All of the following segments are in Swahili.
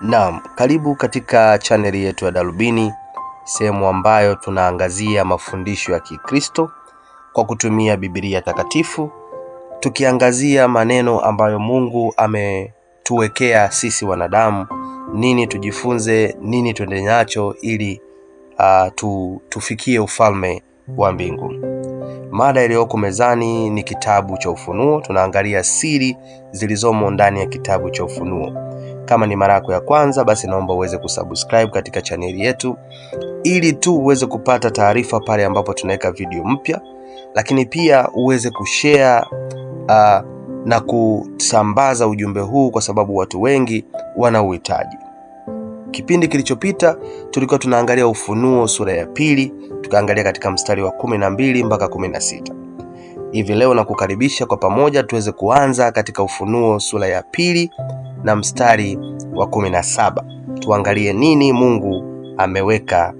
Naam, karibu katika chaneli yetu ya Darubini, sehemu ambayo tunaangazia mafundisho ya Kikristo kwa kutumia Biblia Takatifu, tukiangazia maneno ambayo Mungu ametuwekea sisi wanadamu, nini tujifunze, nini tuende nacho ili uh, tu, tufikie ufalme wa mbingu. Mada iliyoko mezani ni kitabu cha Ufunuo. Tunaangalia siri zilizomo ndani ya kitabu cha Ufunuo. Kama ni mara yako ya kwanza, basi naomba uweze kusubscribe katika chaneli yetu ili tu uweze kupata taarifa pale ambapo tunaweka video mpya, lakini pia uweze kushare uh, na kusambaza ujumbe huu kwa sababu watu wengi wana uhitaji Kipindi kilichopita tulikuwa tunaangalia Ufunuo sura ya pili, tukaangalia katika mstari wa kumi na mbili mpaka kumi na sita. Hivi leo nakukaribisha kwa pamoja tuweze kuanza katika Ufunuo sura ya pili na mstari wa kumi na saba. Tuangalie nini Mungu ameweka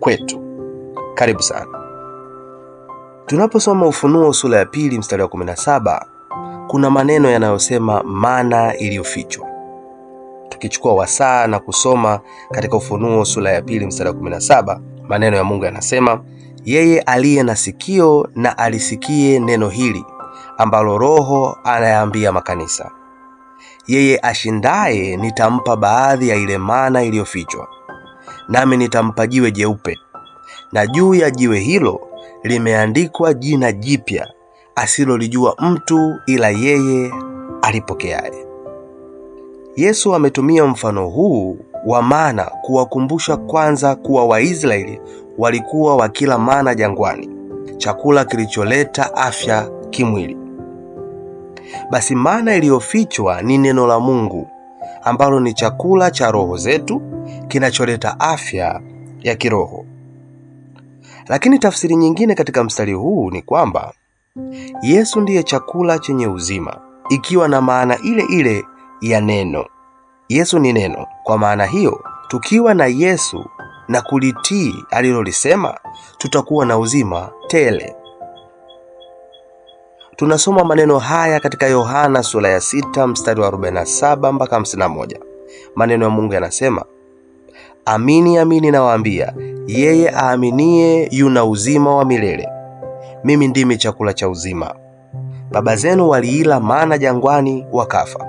kwetu. Karibu sana. Tunaposoma Ufunuo sura ya pili mstari wa 17 kuna maneno yanayosema mana iliyofichwa. Tukichukua wasaa na kusoma katika Ufunuo sura ya pili mstari wa 17, maneno ya Mungu yanasema, yeye aliye na sikio na alisikie neno hili ambalo Roho anayaambia makanisa yeye ashindaye nitampa baadhi ya ile mana iliyofichwa, nami nitampa jiwe jeupe, na juu ya jiwe hilo limeandikwa jina jipya asilolijua mtu ila yeye alipokeaye. Yesu ametumia mfano huu wa mana kuwakumbusha kwanza kuwa Waisraeli walikuwa wakila mana jangwani, chakula kilicholeta afya kimwili. Basi mana iliyofichwa ni neno la Mungu ambalo ni chakula cha roho zetu kinacholeta afya ya kiroho. Lakini tafsiri nyingine katika mstari huu ni kwamba Yesu ndiye chakula chenye uzima, ikiwa na maana ile ile ya neno. Yesu ni neno. Kwa maana hiyo, tukiwa na Yesu na kulitii alilolisema, tutakuwa na uzima tele. Tunasoma maneno haya katika Yohana sura ya 6 mstari wa 47 mpaka 51. Maneno ya Mungu yanasema, amini amini nawaambia, yeye aaminiye yuna uzima wa milele. Mimi ndimi chakula cha uzima. Baba zenu waliila mana jangwani wakafa.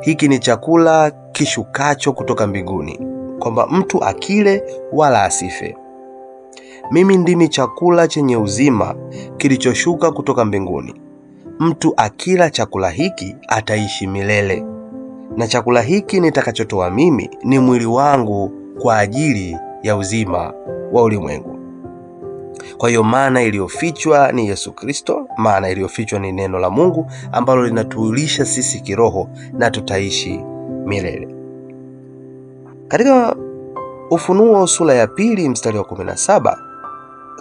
Hiki ni chakula kishukacho kutoka mbinguni, kwamba mtu akile wala asife. Mimi ndimi chakula chenye uzima kilichoshuka kutoka mbinguni. Mtu akila chakula hiki ataishi milele, na chakula hiki nitakachotoa mimi ni mwili wangu kwa ajili ya uzima wa ulimwengu. Kwa hiyo maana iliyofichwa ni Yesu Kristo, maana iliyofichwa ni neno la Mungu ambalo linatulisha sisi kiroho na tutaishi milele. Katika Ufunuo sura ya pili mstari wa 17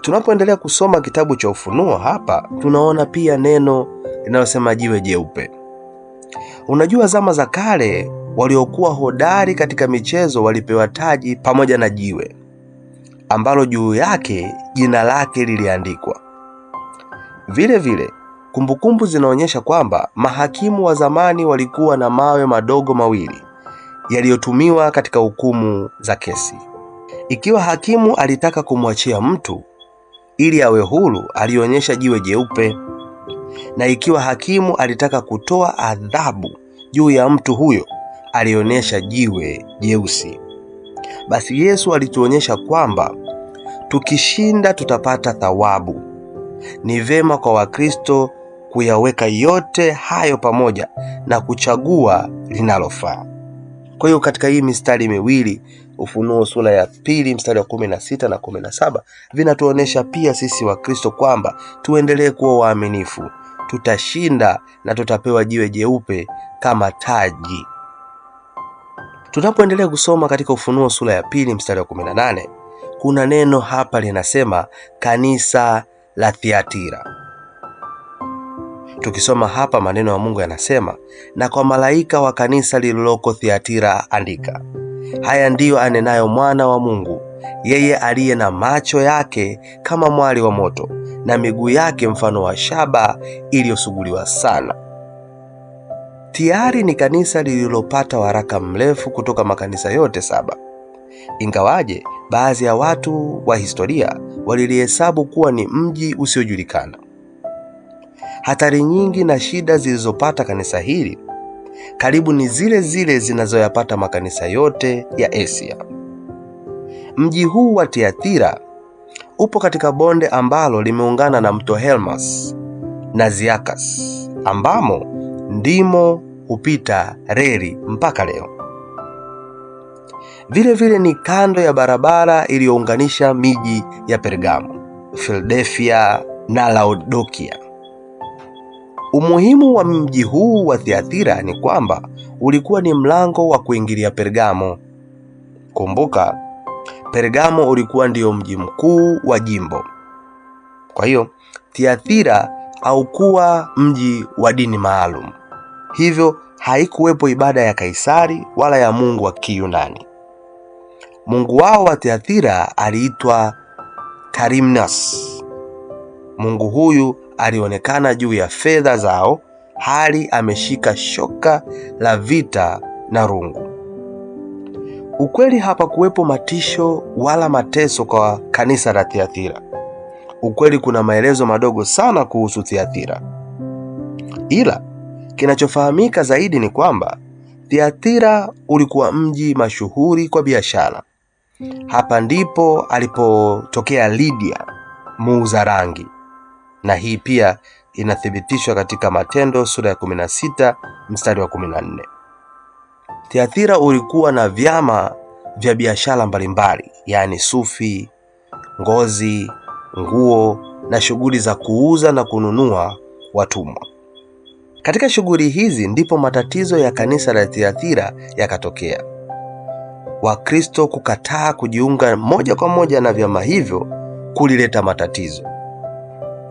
tunapoendelea kusoma kitabu cha Ufunuo hapa tunaona pia neno linalosema jiwe jeupe. Unajua, zama za kale waliokuwa hodari katika michezo walipewa taji pamoja na jiwe ambalo juu yake jina lake liliandikwa. Vile vile kumbukumbu zinaonyesha kwamba mahakimu wa zamani walikuwa na mawe madogo mawili yaliyotumiwa katika hukumu za kesi. Ikiwa hakimu alitaka kumwachia mtu ili awe huru alionyesha jiwe jeupe, na ikiwa hakimu alitaka kutoa adhabu juu ya mtu huyo alionyesha jiwe jeusi. Basi Yesu alituonyesha kwamba tukishinda tutapata thawabu. Ni vema kwa Wakristo kuyaweka yote hayo pamoja na kuchagua linalofaa. Kwa hiyo katika hii mistari miwili Ufunuo sura ya pili mstari wa kumi na sita na kumi na saba vinatuonyesha pia sisi Wakristo kwamba tuendelee kuwa waaminifu, tutashinda na tutapewa jiwe jeupe kama taji. Tunapoendelea kusoma katika Ufunuo sura ya pili mstari wa 18 kuna neno hapa linasema kanisa la Thiatira. Tukisoma hapa maneno ya Mungu yanasema, na kwa malaika wa kanisa lililoko Thiatira andika Haya ndiyo anenayo Mwana wa Mungu, yeye aliye na macho yake kama mwali wa moto na miguu yake mfano wa shaba iliyosuguliwa sana. Tiari ni kanisa lililopata waraka mrefu kutoka makanisa yote saba, ingawaje baadhi ya watu wa historia walilihesabu kuwa ni mji usiojulikana. Hatari nyingi na shida zilizopata kanisa hili karibu ni zile zile zinazoyapata makanisa yote ya Asia. Mji huu wa Tiatira upo katika bonde ambalo limeungana na mto Helmas na Ziakas, ambamo ndimo hupita reli mpaka leo. Vile vile ni kando ya barabara iliyounganisha miji ya Pergamo, Philadelphia na Laodokia. Umuhimu wa mji huu wa Thiatira ni kwamba ulikuwa ni mlango wa kuingilia Pergamo. Kumbuka, Pergamo ulikuwa ndio mji mkuu wa jimbo. Kwa hiyo Thiatira haukuwa mji wa dini maalum, hivyo haikuwepo ibada ya Kaisari wala ya mungu wa Kiyunani. Mungu wao wa Thiatira aliitwa Karimnas. Mungu huyu alionekana juu ya fedha zao hali ameshika shoka la vita na rungu. Ukweli hapakuwepo matisho wala mateso kwa kanisa la Thiatira. Ukweli kuna maelezo madogo sana kuhusu Thiatira, ila kinachofahamika zaidi ni kwamba Thiatira ulikuwa mji mashuhuri kwa biashara. Hapa ndipo alipotokea Lydia muuza rangi na hii pia inathibitishwa katika Matendo sura ya 16 mstari wa 14. Thiatira ulikuwa na vyama vya biashara mbalimbali, yaani sufi, ngozi, nguo na shughuli za kuuza na kununua watumwa. Katika shughuli hizi ndipo matatizo ya kanisa la tiathira yakatokea. Wakristo kukataa kujiunga moja kwa moja na vyama hivyo kulileta matatizo.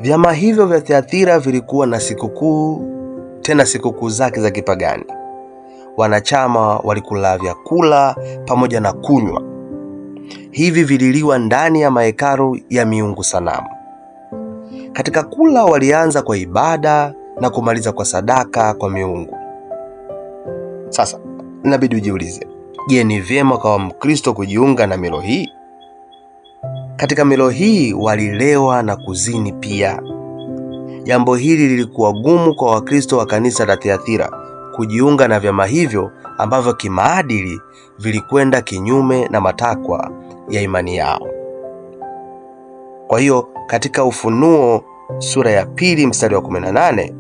Vyama hivyo vya Thiatira vilikuwa na sikukuu, tena sikukuu zake za kipagani. Wanachama walikula vyakula pamoja na kunywa, hivi vililiwa ndani ya mahekalu ya miungu sanamu. Katika kula walianza kwa ibada na kumaliza kwa sadaka kwa miungu. Sasa inabidi ujiulize, je, ni vyema kwa Mkristo kujiunga na milo hii? Katika milo hii walilewa na kuzini pia. Jambo hili lilikuwa gumu kwa Wakristo wa kanisa la Thiatira kujiunga na vyama hivyo ambavyo kimaadili vilikwenda kinyume na matakwa ya imani yao. Kwa hiyo katika Ufunuo sura ya pili mstari wa 18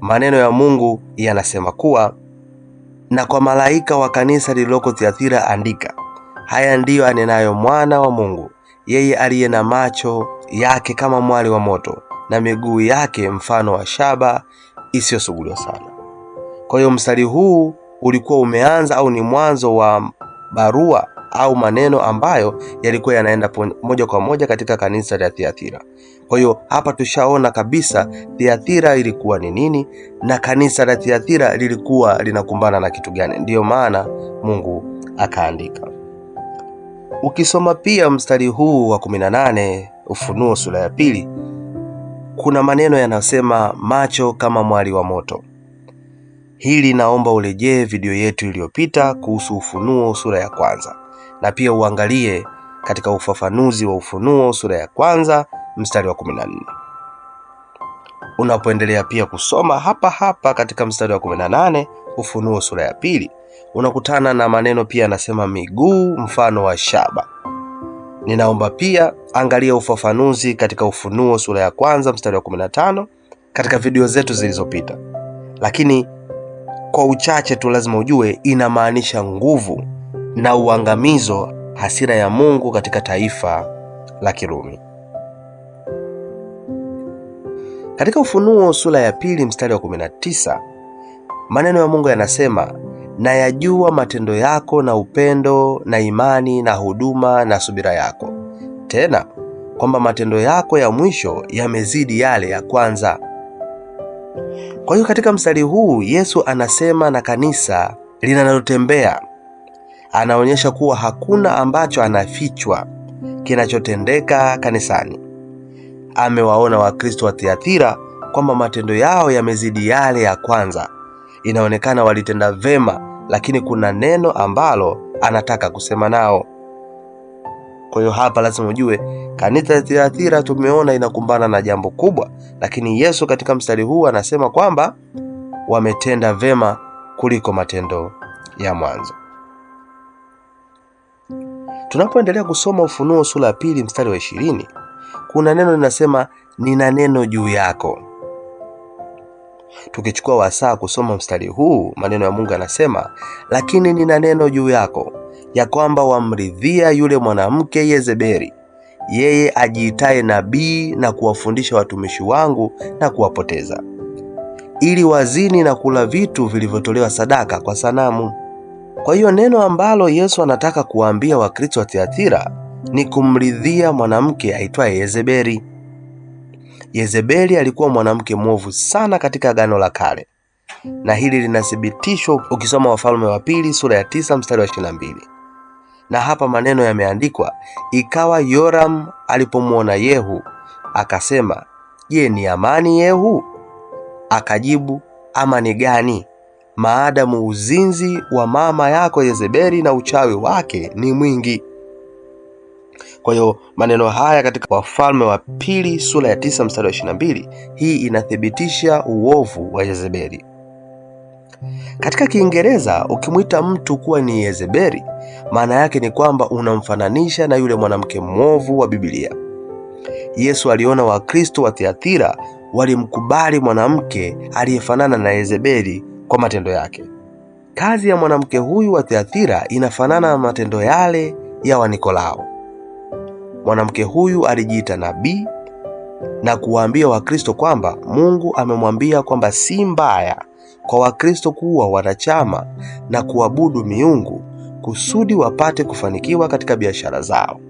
maneno ya Mungu yanasema kuwa, na kwa malaika wa kanisa lililoko Thiatira andika, haya ndiyo anenayo Mwana wa Mungu yeye aliye na macho yake kama mwali wa moto na miguu yake mfano wa shaba isiyosuguliwa sana. Kwa hiyo mstari huu ulikuwa umeanza au ni mwanzo wa barua au maneno ambayo yalikuwa yanaenda moja kwa moja katika kanisa la Thiatira. Kwa hiyo hapa tushaona kabisa Thiatira ilikuwa ni nini na kanisa la Thiatira lilikuwa linakumbana na kitu gani. Ndiyo maana Mungu akaandika Ukisoma pia mstari huu wa 18 Ufunuo sura ya pili, kuna maneno yanasema macho kama mwali wa moto. Hili naomba urejee video yetu iliyopita kuhusu Ufunuo sura ya kwanza, na pia uangalie katika ufafanuzi wa Ufunuo sura ya kwanza mstari wa 14. Unapoendelea pia kusoma hapa hapa katika mstari wa 18 Ufunuo sura ya pili unakutana na maneno pia anasema miguu mfano wa shaba. Ninaomba pia angalia ufafanuzi katika Ufunuo sura ya kwanza mstari wa 15 katika video zetu zilizopita, lakini kwa uchache tu lazima ujue inamaanisha nguvu na uangamizo, hasira ya Mungu katika taifa la Kirumi. Katika Ufunuo sura ya pili mstari wa 19 maneno ya Mungu yanasema nayajua matendo yako na upendo na imani na huduma na subira yako, tena kwamba matendo yako ya mwisho yamezidi yale ya kwanza. Kwa hiyo katika mstari huu Yesu anasema na kanisa linalotembea, anaonyesha kuwa hakuna ambacho anafichwa kinachotendeka kanisani. Amewaona Wakristo wa Thiatira kwamba matendo yao yamezidi yale ya kwanza. Inaonekana walitenda vema lakini kuna neno ambalo anataka kusema nao. Kwa hiyo hapa lazima ujue kanisa la Thiatira tumeona inakumbana na jambo kubwa, lakini Yesu katika mstari huu anasema kwamba wametenda vema kuliko matendo ya mwanzo. Tunapoendelea kusoma Ufunuo sura ya pili mstari wa ishirini kuna neno linasema, nina neno juu yako. Tukichukua wasaa kusoma mstari huu, maneno ya Mungu yanasema, lakini nina neno juu yako ya kwamba wamridhia yule mwanamke Yezebeli, yeye ajiitaye nabii na kuwafundisha watumishi wangu na kuwapoteza, ili wazini na kula vitu vilivyotolewa sadaka kwa sanamu. Kwa hiyo neno ambalo Yesu anataka kuwaambia Wakristo wa Thiatira ni kumridhia mwanamke aitwaye Yezebeli. Yezebeli alikuwa mwanamke mwovu sana katika Agano la Kale, na hili linathibitishwa ukisoma Wafalme wa Pili sura ya tisa mstari wa ishirini na mbili na hapa maneno yameandikwa: ikawa Yoram alipomwona Yehu akasema, je, ni amani Yehu? Akajibu, amani gani, maadamu uzinzi wa mama yako Yezebeli na uchawi wake ni mwingi. Kwa hiyo maneno haya katika Wafalme wa Pili sura ya tisa mstari wa ishirini na mbili hii inathibitisha uovu wa Yezebeli. Katika Kiingereza ukimwita mtu kuwa ni Yezebeli, maana yake ni kwamba unamfananisha na yule mwanamke mwovu wa Biblia. Yesu aliona Wakristo wa Thiatira walimkubali mwanamke aliyefanana na Yezebeli kwa matendo yake. Kazi ya mwanamke huyu wa Thiatira inafanana na matendo yale ya Wanikolao. Mwanamke huyu alijiita nabii na kuwaambia Wakristo kwamba Mungu amemwambia kwamba si mbaya kwa Wakristo kuwa wanachama na kuabudu miungu kusudi wapate kufanikiwa katika biashara zao.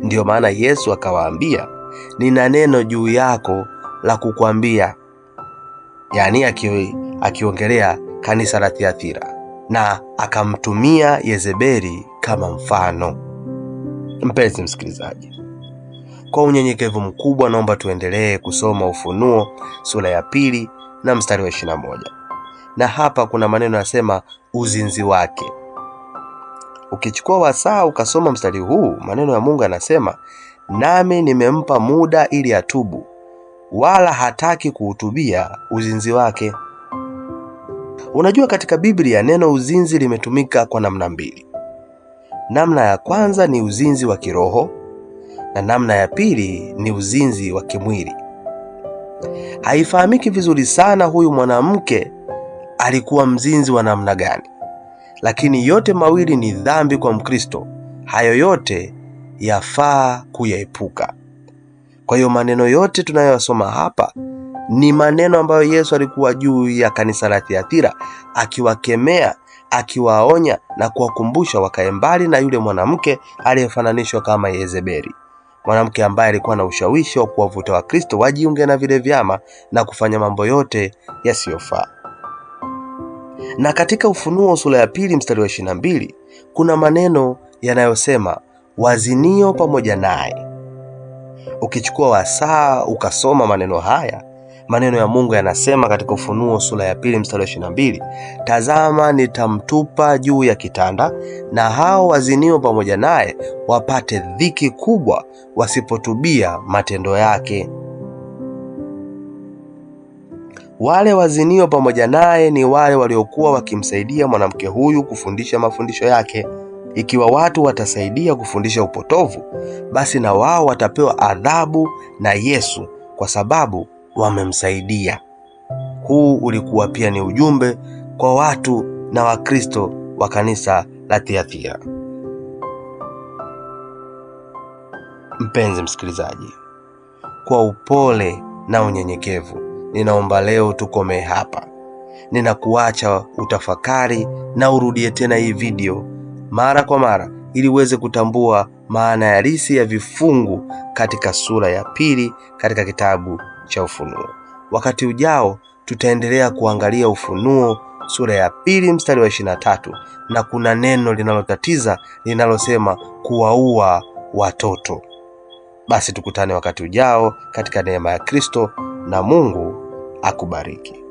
Ndiyo maana Yesu akawaambia, nina neno juu yako la kukwambia, yaani akiongelea kanisa la Thiatira, na akamtumia Yezebeli kama mfano. Mpenzi msikilizaji, kwa unyenyekevu mkubwa naomba tuendelee kusoma Ufunuo sura ya pili na mstari wa 21, na hapa kuna maneno yanasema uzinzi wake. Ukichukua wasaa ukasoma mstari huu, maneno ya Mungu anasema, nami nimempa muda ili atubu, wala hataki kuutubia uzinzi wake. Unajua, katika Biblia neno uzinzi limetumika kwa namna mbili. Namna ya kwanza ni uzinzi wa kiroho na namna ya pili ni uzinzi wa kimwili. Haifahamiki vizuri sana huyu mwanamke alikuwa mzinzi wa namna gani, lakini yote mawili ni dhambi kwa Mkristo. Hayo yote yafaa kuyaepuka. Kwa hiyo maneno yote tunayoyasoma hapa ni maneno ambayo Yesu alikuwa juu ya kanisa la Thiatira akiwakemea akiwaonya na kuwakumbusha wakae mbali na yule mwanamke aliyefananishwa kama Yezebeli, mwanamke ambaye alikuwa na ushawishi wa kuwavuta Wakristo wajiunge na vile vyama na kufanya mambo yote yasiyofaa. Na katika Ufunuo sura ya pili mstari wa ishirini na mbili kuna maneno yanayosema wazinio pamoja naye. Ukichukua wasaa ukasoma maneno haya Maneno ya Mungu yanasema katika Ufunuo sura ya pili mstari wa 22, tazama nitamtupa juu ya kitanda, na hao wazinio pamoja naye wapate dhiki kubwa, wasipotubia matendo yake. Wale wazinio pamoja naye ni wale waliokuwa wakimsaidia mwanamke huyu kufundisha mafundisho yake. Ikiwa watu watasaidia kufundisha upotovu, basi na wao watapewa adhabu na Yesu, kwa sababu wamemsaidia. Huu ulikuwa pia ni ujumbe kwa watu na Wakristo wa kanisa la Thiatira. Mpenzi msikilizaji, kwa upole na unyenyekevu, ninaomba leo tukomee hapa. Ninakuacha utafakari na urudie tena hii video mara kwa mara ili uweze kutambua maana halisi ya vifungu katika sura ya pili katika kitabu cha Ufunuo. Wakati ujao tutaendelea kuangalia Ufunuo sura ya pili mstari wa ishirini na tatu na kuna neno linalotatiza linalosema kuwaua watoto. Basi tukutane wakati ujao katika neema ya Kristo na Mungu akubariki.